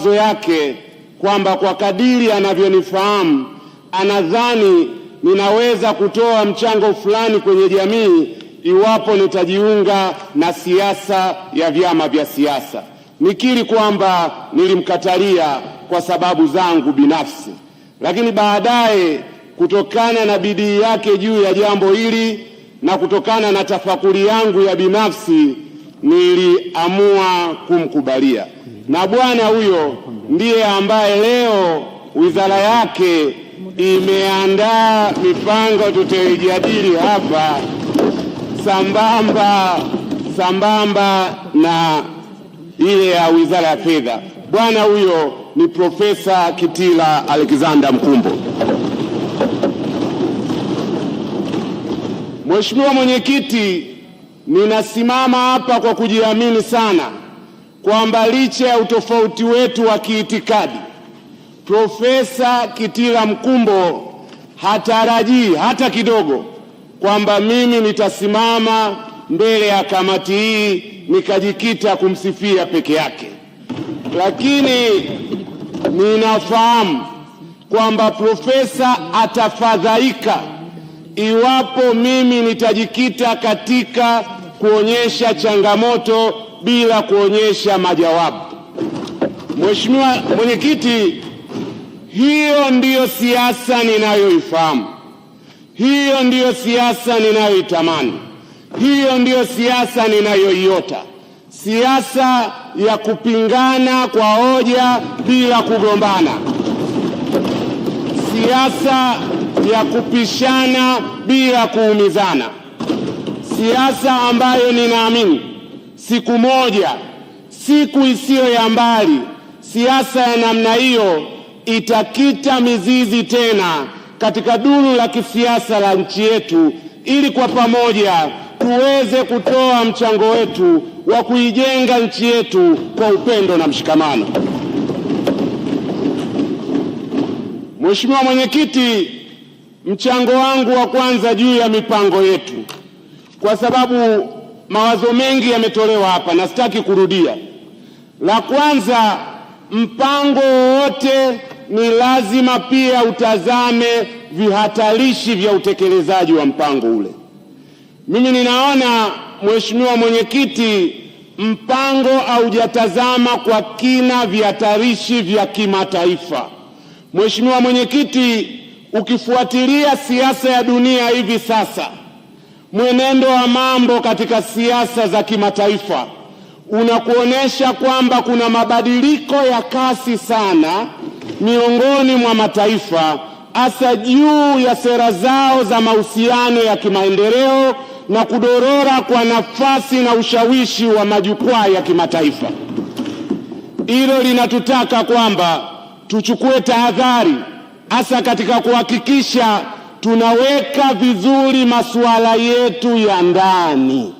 mawazo yake kwamba kwa kadiri anavyonifahamu anadhani ninaweza kutoa mchango fulani kwenye jamii iwapo nitajiunga na siasa ya vyama vya siasa. Nikiri kwamba nilimkatalia kwa sababu zangu binafsi, lakini baadaye kutokana na bidii yake juu ya jambo hili na kutokana na tafakuri yangu ya binafsi niliamua kumkubalia na bwana huyo ndiye ambaye leo wizara yake imeandaa mipango tutaijadili hapa sambamba sambamba na ile ya wizara ya fedha. Bwana huyo ni Profesa Kitila Alexander Mkumbo. Mheshimiwa Mwenyekiti, ninasimama hapa kwa kujiamini sana kwamba licha ya utofauti wetu wa kiitikadi, Profesa Kitila Mkumbo hatarajii hata kidogo kwamba mimi nitasimama mbele ya kamati hii nikajikita kumsifia peke yake, lakini ninafahamu kwamba profesa atafadhaika iwapo mimi nitajikita katika kuonyesha changamoto bila kuonyesha majawabu. Mheshimiwa Mwenyekiti, hiyo ndiyo siasa ninayoifahamu, hiyo ndiyo siasa ninayoitamani, hiyo ndiyo siasa ninayoiota, siasa ya kupingana kwa hoja bila kugombana, siasa ya kupishana bila kuumizana, siasa ambayo ninaamini Siku moja, siku isiyo ya mbali, siasa ya namna hiyo itakita mizizi tena katika duru la kisiasa la nchi yetu, ili kwa pamoja tuweze kutoa mchango wetu wa kuijenga nchi yetu kwa upendo na mshikamano. Mheshimiwa Mwenyekiti, mchango wangu wa kwanza juu ya mipango yetu, kwa sababu Mawazo mengi yametolewa hapa na sitaki kurudia. La kwanza, mpango wowote ni lazima pia utazame vihatarishi vya utekelezaji wa mpango ule. Mimi ninaona Mheshimiwa Mwenyekiti, mpango haujatazama kwa kina vihatarishi vya kimataifa. Mheshimiwa Mwenyekiti, ukifuatilia siasa ya dunia hivi sasa Mwenendo wa mambo katika siasa za kimataifa unakuonyesha kwamba kuna mabadiliko ya kasi sana miongoni mwa mataifa, hasa juu ya sera zao za mahusiano ya kimaendeleo na kudorora kwa nafasi na ushawishi wa majukwaa ya kimataifa. Hilo linatutaka kwamba tuchukue tahadhari, hasa katika kuhakikisha tunaweka vizuri masuala yetu ya ndani.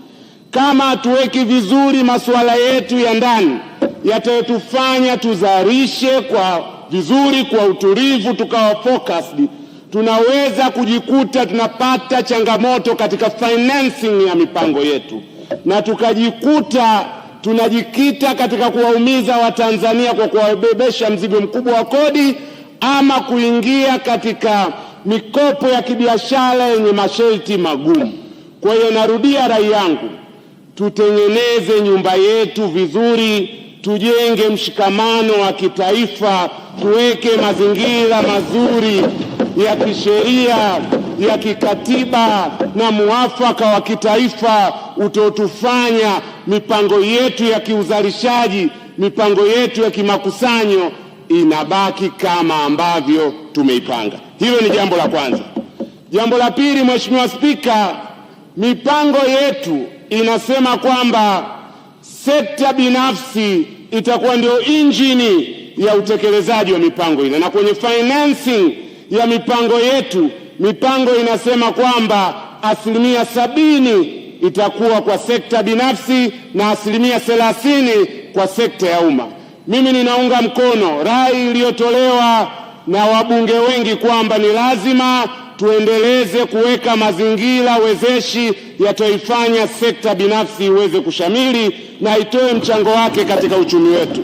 Kama hatuweki vizuri masuala yetu ya ndani, yatayotufanya tuzalishe kwa vizuri, kwa utulivu, tukawa focused, tunaweza kujikuta tunapata changamoto katika financing ya mipango yetu na tukajikuta tunajikita katika kuwaumiza Watanzania kwa kuwabebesha mzigo mkubwa wa kodi ama kuingia katika mikopo ya kibiashara yenye masharti magumu. Kwa hiyo narudia rai yangu, tutengeneze nyumba yetu vizuri, tujenge mshikamano wa kitaifa, tuweke mazingira mazuri ya kisheria ya kikatiba na muafaka wa kitaifa utotufanya mipango yetu ya kiuzalishaji, mipango yetu ya kimakusanyo inabaki kama ambavyo tumeipanga. Hilo ni jambo la kwanza. Jambo la pili, Mheshimiwa Spika, mipango yetu inasema kwamba sekta binafsi itakuwa ndio injini ya utekelezaji wa mipango ile, na kwenye financing ya mipango yetu mipango inasema kwamba asilimia sabini itakuwa kwa sekta binafsi na asilimia thelathini kwa sekta ya umma. Mimi ninaunga mkono rai iliyotolewa na wabunge wengi kwamba ni lazima tuendeleze kuweka mazingira wezeshi yatoifanya sekta binafsi iweze kushamili na itoe mchango wake katika uchumi wetu.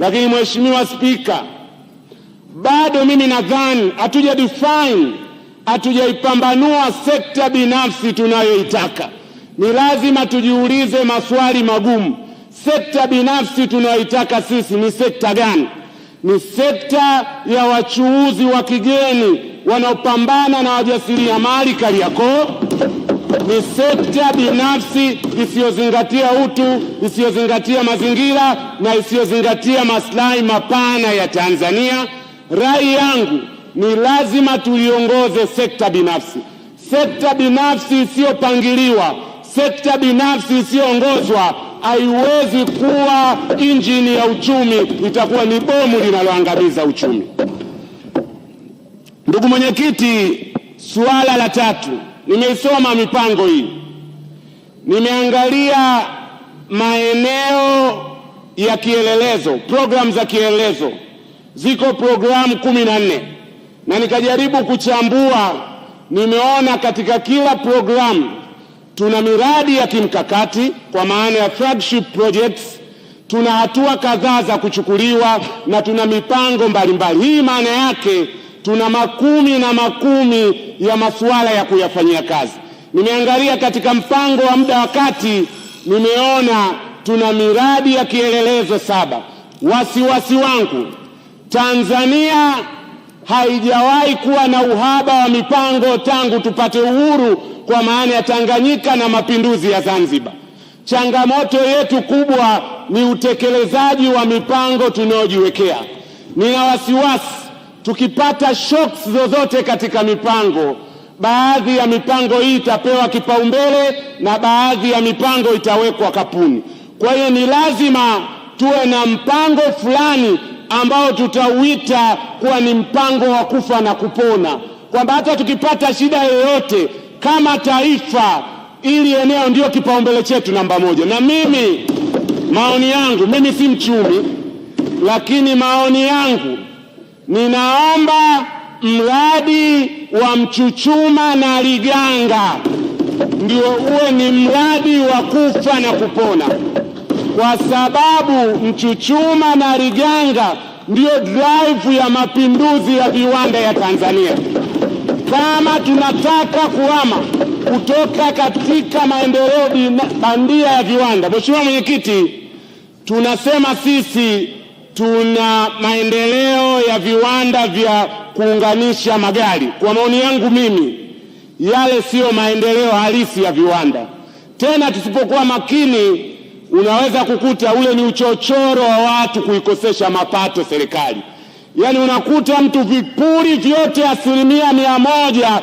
Lakini Mheshimiwa Spika, bado mimi nadhani hatuja define hatujaipambanua sekta binafsi tunayoitaka. Ni lazima tujiulize maswali magumu. Sekta binafsi tunayoitaka sisi ni sekta gani? Ni sekta ya wachuuzi wa kigeni wanaopambana na wajasiriamali Kariakoo. Ni sekta binafsi isiyozingatia utu, isiyozingatia mazingira na isiyozingatia maslahi mapana ya Tanzania. Rai yangu ni lazima tuiongoze sekta binafsi, sekta binafsi isiyopangiliwa, sekta binafsi isiyoongozwa haiwezi kuwa injini ya uchumi, itakuwa ni bomu linaloangamiza uchumi. Ndugu mwenyekiti, suala la tatu, nimeisoma mipango hii, nimeangalia maeneo ya kielelezo, programu za kielelezo, ziko programu kumi na nne na nikajaribu kuchambua, nimeona katika kila programu Tuna miradi ya kimkakati kwa maana ya flagship projects, tuna hatua kadhaa za kuchukuliwa na tuna mipango mbalimbali. Hii maana yake tuna makumi na makumi ya masuala ya kuyafanyia kazi. Nimeangalia katika mpango wa muda wa kati, nimeona tuna miradi ya kielelezo saba. Wasiwasi wangu, Tanzania haijawahi kuwa na uhaba wa mipango tangu tupate uhuru kwa maana ya Tanganyika na mapinduzi ya Zanzibar. Changamoto yetu kubwa ni utekelezaji wa mipango tunayojiwekea. Nina wasiwasi tukipata shocks zozote katika mipango, baadhi ya mipango hii itapewa kipaumbele na baadhi ya mipango itawekwa kapuni. Kwa hiyo ni lazima tuwe na mpango fulani ambao tutauita kuwa ni mpango wa kufa na kupona, kwamba hata tukipata shida yoyote kama taifa, ili eneo ndio kipaumbele chetu namba moja. Na mimi maoni yangu, mimi si mchumi, lakini maoni yangu ninaomba mradi wa Mchuchuma na Liganga ndio uwe ni mradi wa kufa na kupona, kwa sababu Mchuchuma na Liganga ndio drive ya mapinduzi ya viwanda ya Tanzania. Kama tunataka kuhama kutoka katika maendeleo bandia ya viwanda, Mheshimiwa Mwenyekiti, tunasema sisi tuna maendeleo ya viwanda vya kuunganisha magari. Kwa maoni yangu mimi, yale siyo maendeleo halisi ya viwanda. Tena tusipokuwa makini, unaweza kukuta ule ni uchochoro wa watu kuikosesha mapato serikali. Yaani unakuta mtu vipuri vyote asilimia mia moja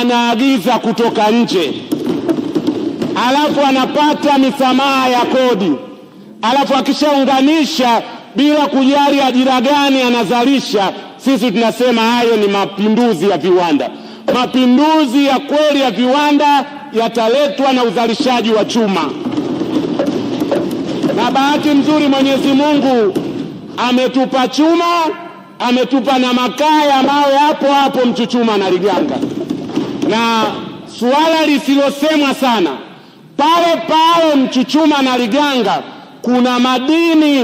anaagiza kutoka nje, alafu anapata misamaha ya kodi, alafu akishaunganisha bila kujali ajira gani anazalisha. Sisi tunasema hayo ni mapinduzi ya viwanda. Mapinduzi ya kweli ya viwanda yataletwa na uzalishaji wa chuma, na bahati nzuri Mwenyezi Mungu ametupa chuma ametupa na makaa ya mawe hapo hapo Mchuchuma na Liganga. Na suala lisilosemwa sana pale pale Mchuchuma na Liganga kuna madini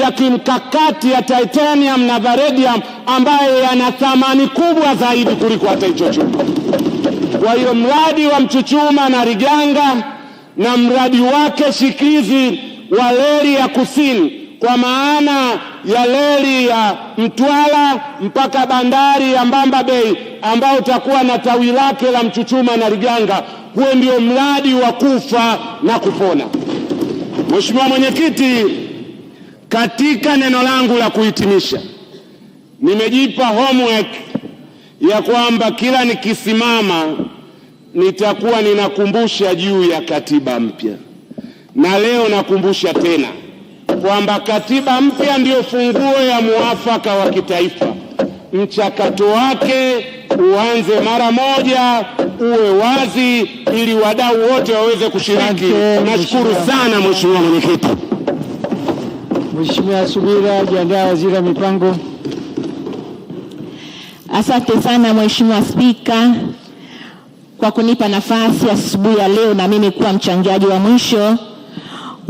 ya kimkakati ya titanium na vanadium ambayo yana thamani kubwa zaidi kuliko hata hicho chuma. Kwa hiyo mradi wa Mchuchuma na Liganga na mradi wake shikizi wa reli ya kusini kwa maana ya reli ya Mtwara mpaka bandari ya Mbamba Bay ambao utakuwa na tawi lake la Mchuchuma na Liganga. Huo ndio mradi wa kufa na kupona. Mheshimiwa Mwenyekiti, katika neno langu la kuhitimisha, nimejipa homework ya kwamba kila nikisimama nitakuwa ninakumbusha juu ya katiba mpya, na leo nakumbusha tena kwamba katiba mpya ndio funguo ya muafaka wa kitaifa. Mchakato wake uanze mara moja, uwe wazi ili wadau wote waweze kushiriki. Nashukuru sana mheshimiwa mwenyekiti. Mheshimiwa Subira, jiandaa waziri wa mipango. Asante sana mheshimiwa Spika kwa kunipa nafasi asubuhi ya leo na mimi kuwa mchangiaji wa mwisho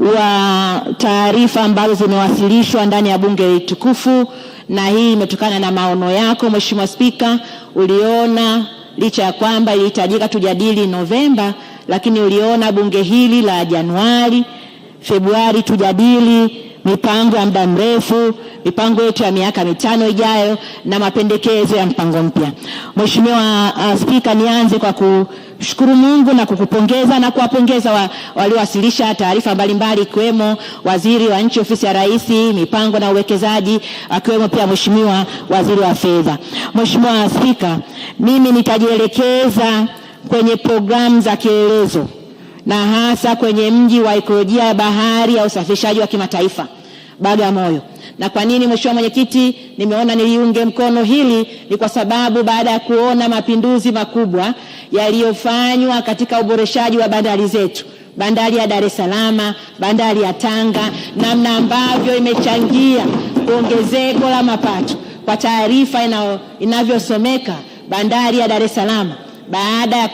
wa taarifa ambazo zimewasilishwa ndani ya bunge tukufu, na hii imetokana na maono yako Mheshimiwa Spika. Uliona licha ya kwamba ilihitajika tujadili Novemba, lakini uliona bunge hili la Januari, Februari tujadili mipango ya muda mrefu, mipango yetu ya miaka mitano ijayo na mapendekezo ya mpango mpya. Mheshimiwa uh, Spika, nianze kwa ku Shukuru Mungu na kukupongeza na kuwapongeza wa, waliowasilisha taarifa mbalimbali ikiwemo waziri wa nchi ofisi ya Rais, mipango na uwekezaji, akiwemo pia mheshimiwa waziri wa fedha. Mheshimiwa Spika, mimi nitajielekeza kwenye programu za kielelezo na hasa kwenye mji wa ikolojia ya bahari ya usafishaji wa kimataifa. Bagamoyo. Na kwa nini Mheshimiwa Mwenyekiti, nimeona niliunge mkono hili ni kwa sababu baada ya kuona mapinduzi makubwa yaliyofanywa katika uboreshaji wa bandari zetu, bandari ya Dar es Salaam, bandari ya Tanga, namna ambavyo imechangia kuongezeko la mapato. Kwa taarifa inavyosomeka, bandari ya Dar es Salaam baada ya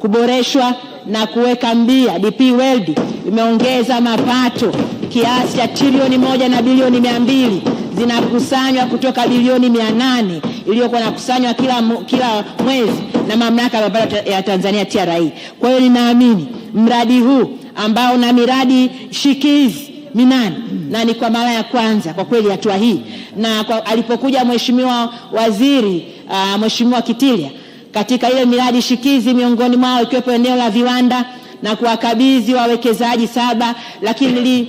kuboreshwa na kuweka mbia DP World imeongeza mapato kiasi cha trilioni moja na bilioni mia mbili zinakusanywa kutoka bilioni mia nane iliyokuwa nakusanywa kila, kila mwezi na mamlaka ya ya Tanzania TRA. Kwa hiyo ninaamini mradi huu ambao na miradi shikizi minane na ni kwa mara ya kwanza kwa kweli hatua hii, na kwa, alipokuja mheshimiwa waziri uh, mheshimiwa Kitilia katika ile miradi shikizi miongoni mwao ikiwepo eneo la viwanda na kuwakabidhi wawekezaji saba lakini li,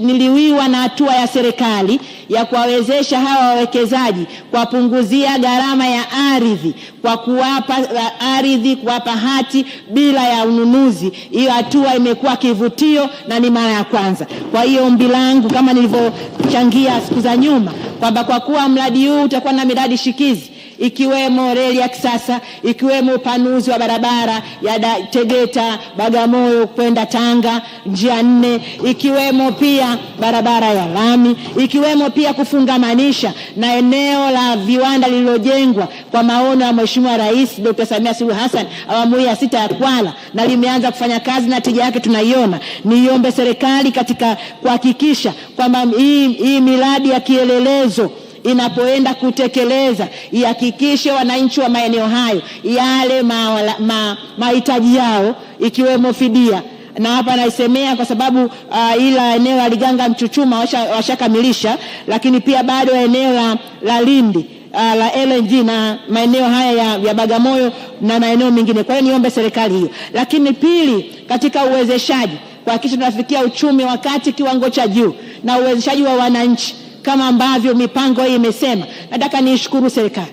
niliwiwa na hatua ya serikali ya kuwawezesha hawa wawekezaji kuwapunguzia gharama ya ardhi kwa kuwapa eh, ardhi, kuwapa hati bila ya ununuzi. Hiyo hatua imekuwa kivutio na ni mara ya kwanza. Kwa hiyo ombi langu kama nilivyochangia siku za nyuma kwamba kwa kuwa mradi huu utakuwa na miradi shikizi ikiwemo reli ya kisasa, ikiwemo upanuzi wa barabara ya Tegeta Bagamoyo kwenda Tanga njia nne, ikiwemo pia barabara ya lami, ikiwemo pia kufungamanisha na eneo la viwanda lililojengwa kwa maono ya Mheshimiwa Rais Dr. Samia Suluhu Hassan awamu hii ya sita ya Kwala na limeanza kufanya kazi na tija yake tunaiona. Niiombe serikali katika kuhakikisha kwamba hii miradi ya kielelezo inapoenda kutekeleza ihakikishe wananchi wa maeneo hayo yale mahitaji ma, yao ikiwemo fidia na hapa naisemea kwa sababu uh, ila eneo la Liganga Mchuchuma washakamilisha washa, lakini pia bado eneo la, la Lindi uh, la LNG na maeneo haya ya, ya Bagamoyo na maeneo mengine. Kwa hiyo niombe serikali hiyo, lakini pili, katika uwezeshaji kuhakikisha tunafikia uchumi wa kati kiwango cha juu na uwezeshaji wa wananchi kama ambavyo mipango hii imesema. Nataka niishukuru serikali,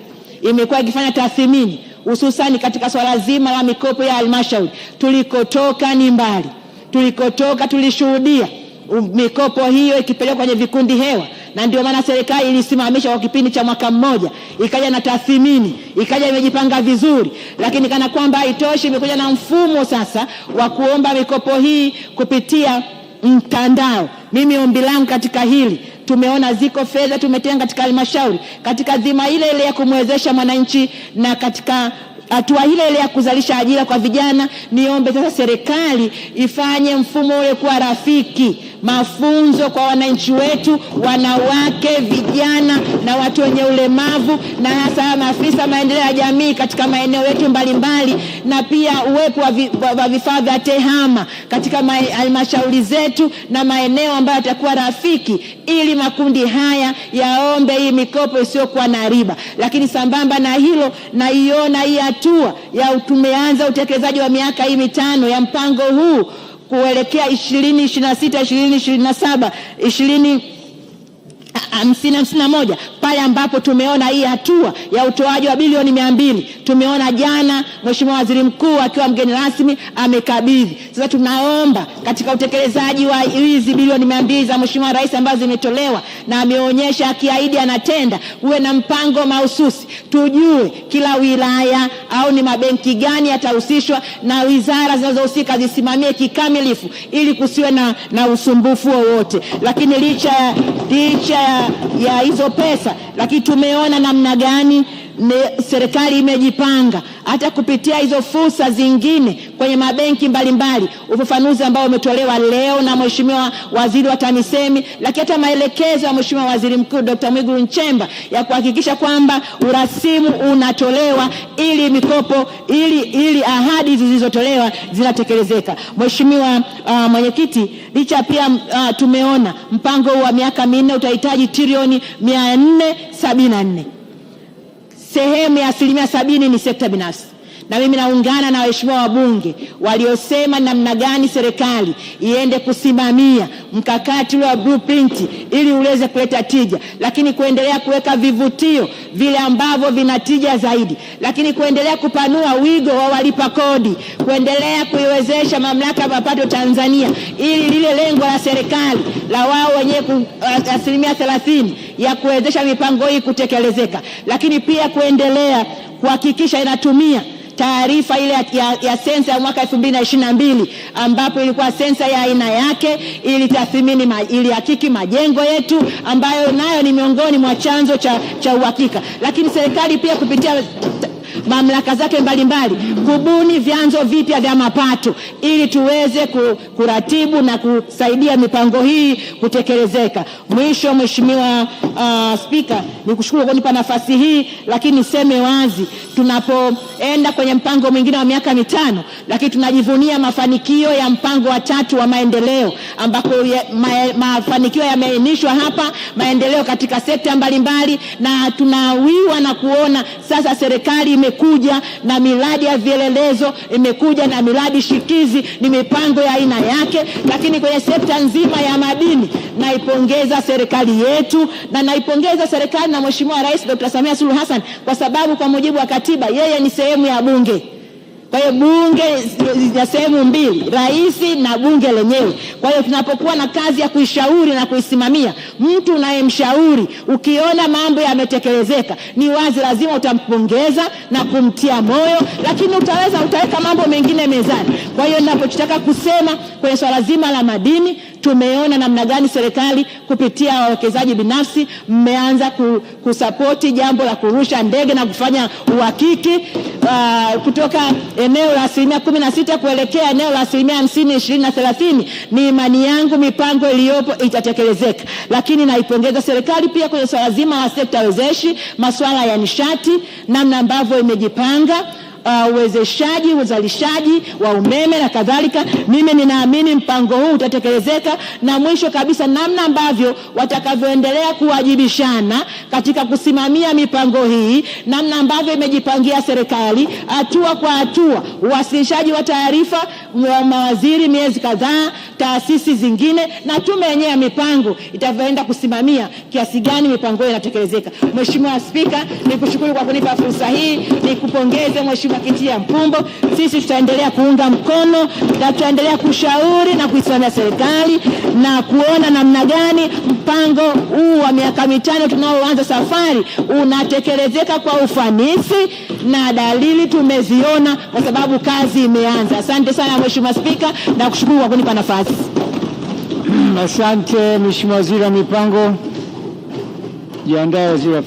imekuwa ikifanya tathmini hususani katika swala zima la mikopo ya halmashauri. Tulikotoka ni mbali, tulikotoka tulishuhudia um, mikopo hiyo ikipelekwa kwenye vikundi hewa, na ndio maana serikali ilisimamisha kwa kipindi cha mwaka mmoja, ikaja na tathmini, ikaja imejipanga vizuri. Lakini kana kwamba haitoshi, imekuja na mfumo sasa wa kuomba mikopo hii kupitia mtandao. Mimi ombi langu katika hili tumeona ziko fedha tumetenga katika halmashauri katika dhima ile ile ya kumwezesha mwananchi na katika hatua ile ile ya kuzalisha ajira kwa vijana. Niombe sasa serikali ifanye mfumo ule kuwa rafiki, mafunzo kwa wananchi wetu, wanawake, vijana na watu wenye ulemavu, na hasa maafisa maendeleo ya jamii katika maeneo yetu mbalimbali, na pia uwepo wa vifaa vya tehama katika halmashauri zetu na maeneo ambayo yatakuwa rafiki, ili makundi haya yaombe hii mikopo isiyokuwa na riba. Lakini sambamba na hilo, naiona hii hatua ya tumeanza utekelezaji wa miaka hii mitano ya mpango huu kuelekea 2026 2027 20 hamsini hamsini na moja pale ambapo tumeona hii hatua ya utoaji wa bilioni mia mbili. Tumeona jana Mheshimiwa Waziri Mkuu akiwa mgeni rasmi amekabidhi. Sasa tunaomba katika utekelezaji wa hizi bilioni mia mbili za Mheshimiwa Rais ambazo zimetolewa na ameonyesha akiahidi anatenda, uwe na mpango mahususi, tujue kila wilaya au ni mabenki gani yatahusishwa, na wizara zinazohusika zisimamie kikamilifu ili kusiwe na, na usumbufu wowote. Lakini licha, licha ya hizo pesa lakini tumeona namna gani serikali imejipanga hata kupitia hizo fursa zingine kwenye mabenki mbalimbali, ufafanuzi ambao umetolewa leo na Mheshimiwa Waziri wa TAMISEMI, lakini hata maelekezo ya Mheshimiwa Waziri Mkuu Dr. Mwigulu Nchemba ya kuhakikisha kwamba urasimu unatolewa ili mikopo ili, ili ahadi zilizotolewa zinatekelezeka. Mheshimiwa uh, Mwenyekiti, licha pia uh, tumeona mpango wa miaka minne utahitaji trilioni 474 sehemu ya asilimia sabini ni sekta binafsi na mimi naungana na waheshimiwa wabunge waliosema namna gani serikali iende kusimamia mkakati ule wa blueprint ili uweze kuleta tija, lakini kuendelea kuweka vivutio vile ambavyo vina tija zaidi, lakini kuendelea kupanua wigo wa walipa kodi, kuendelea kuiwezesha mamlaka ya mapato Tanzania ili lile lengo la serikali la wao wenyewe eh, asilimia thelathini ya kuwezesha mipango hii kutekelezeka, lakini pia kuendelea kuhakikisha inatumia taarifa ile ya, ya sensa ya mwaka mbili ambapo ilikuwa sensa ya aina yake, ilitathmini ma, ilihakiki majengo yetu ambayo nayo ni miongoni mwa chanzo cha, cha uhakika, lakini serikali pia kupitia mamlaka zake mbalimbali mbali, kubuni vyanzo vipya vya mapato ili tuweze kuratibu na kusaidia mipango hii kutekelezeka. Mwisho Mheshimiwa uh, Spika, nikushukuru kwa kunipa nafasi hii, lakini niseme wazi, tunapoenda kwenye mpango mwingine wa miaka mitano, lakini tunajivunia mafanikio ya mpango wa tatu wa maendeleo ambako ya, ma, mafanikio yameainishwa hapa, maendeleo katika sekta mbalimbali, na tunawiwa na kuona sasa serikali ime imekuja na miradi ya vielelezo, imekuja na miradi shikizi, ni mipango ya aina yake. Lakini kwenye sekta nzima ya madini, naipongeza serikali yetu na naipongeza serikali na Mheshimiwa Rais Dr. Samia Suluhu Hassan kwa sababu kwa mujibu wa katiba yeye ni sehemu ya Bunge. Kwa hiyo bunge zina sehemu mbili, rais na bunge lenyewe. Kwa hiyo tunapokuwa na kazi ya kuishauri na kuisimamia, mtu unayemshauri ukiona mambo yametekelezeka, ni wazi lazima utampongeza na kumtia moyo, lakini utaweza utaweka mambo mengine mezani. Kwa hiyo ninapotaka kusema kwenye swala zima la madini Tumeona namna gani serikali kupitia wawekezaji binafsi mmeanza kusapoti jambo la kurusha ndege na kufanya uhakiki uh, kutoka eneo la asilimia kumi na sita kuelekea eneo la asilimia hamsini ishirini na thelathini. Ni imani yangu mipango iliyopo itatekelezeka, lakini naipongeza serikali pia kwenye swala zima la sekta wezeshi, masuala ya nishati, namna ambavyo imejipanga Uh, uwezeshaji uh, uzalishaji wa umeme na kadhalika. Mimi ninaamini mpango huu utatekelezeka, na mwisho kabisa, namna ambavyo watakavyoendelea kuwajibishana katika kusimamia mipango hii, namna ambavyo imejipangia serikali hatua kwa hatua, uwasilishaji wa taarifa wa mawaziri miezi kadhaa, taasisi zingine na tume yenyewe ya mipango itavyoenda kusimamia kiasi gani mipango hiyo inatekelezeka. Mheshimiwa Spika, nikushukuru kwa kunipa fursa hii, nikupongeze mheshimiwa tunapitia Mpumbo, sisi tutaendelea kuunga mkono na tutaendelea kushauri na kuisimamia serikali na kuona namna gani mpango huu wa miaka mitano tunaoanza safari unatekelezeka kwa ufanisi, na dalili tumeziona kwa sababu kazi imeanza. Asante sana Mheshimiwa Spika na kushukuru kwa kunipa nafasi. Asante Mheshimiwa Waziri wa Mipango. Jiandae waziri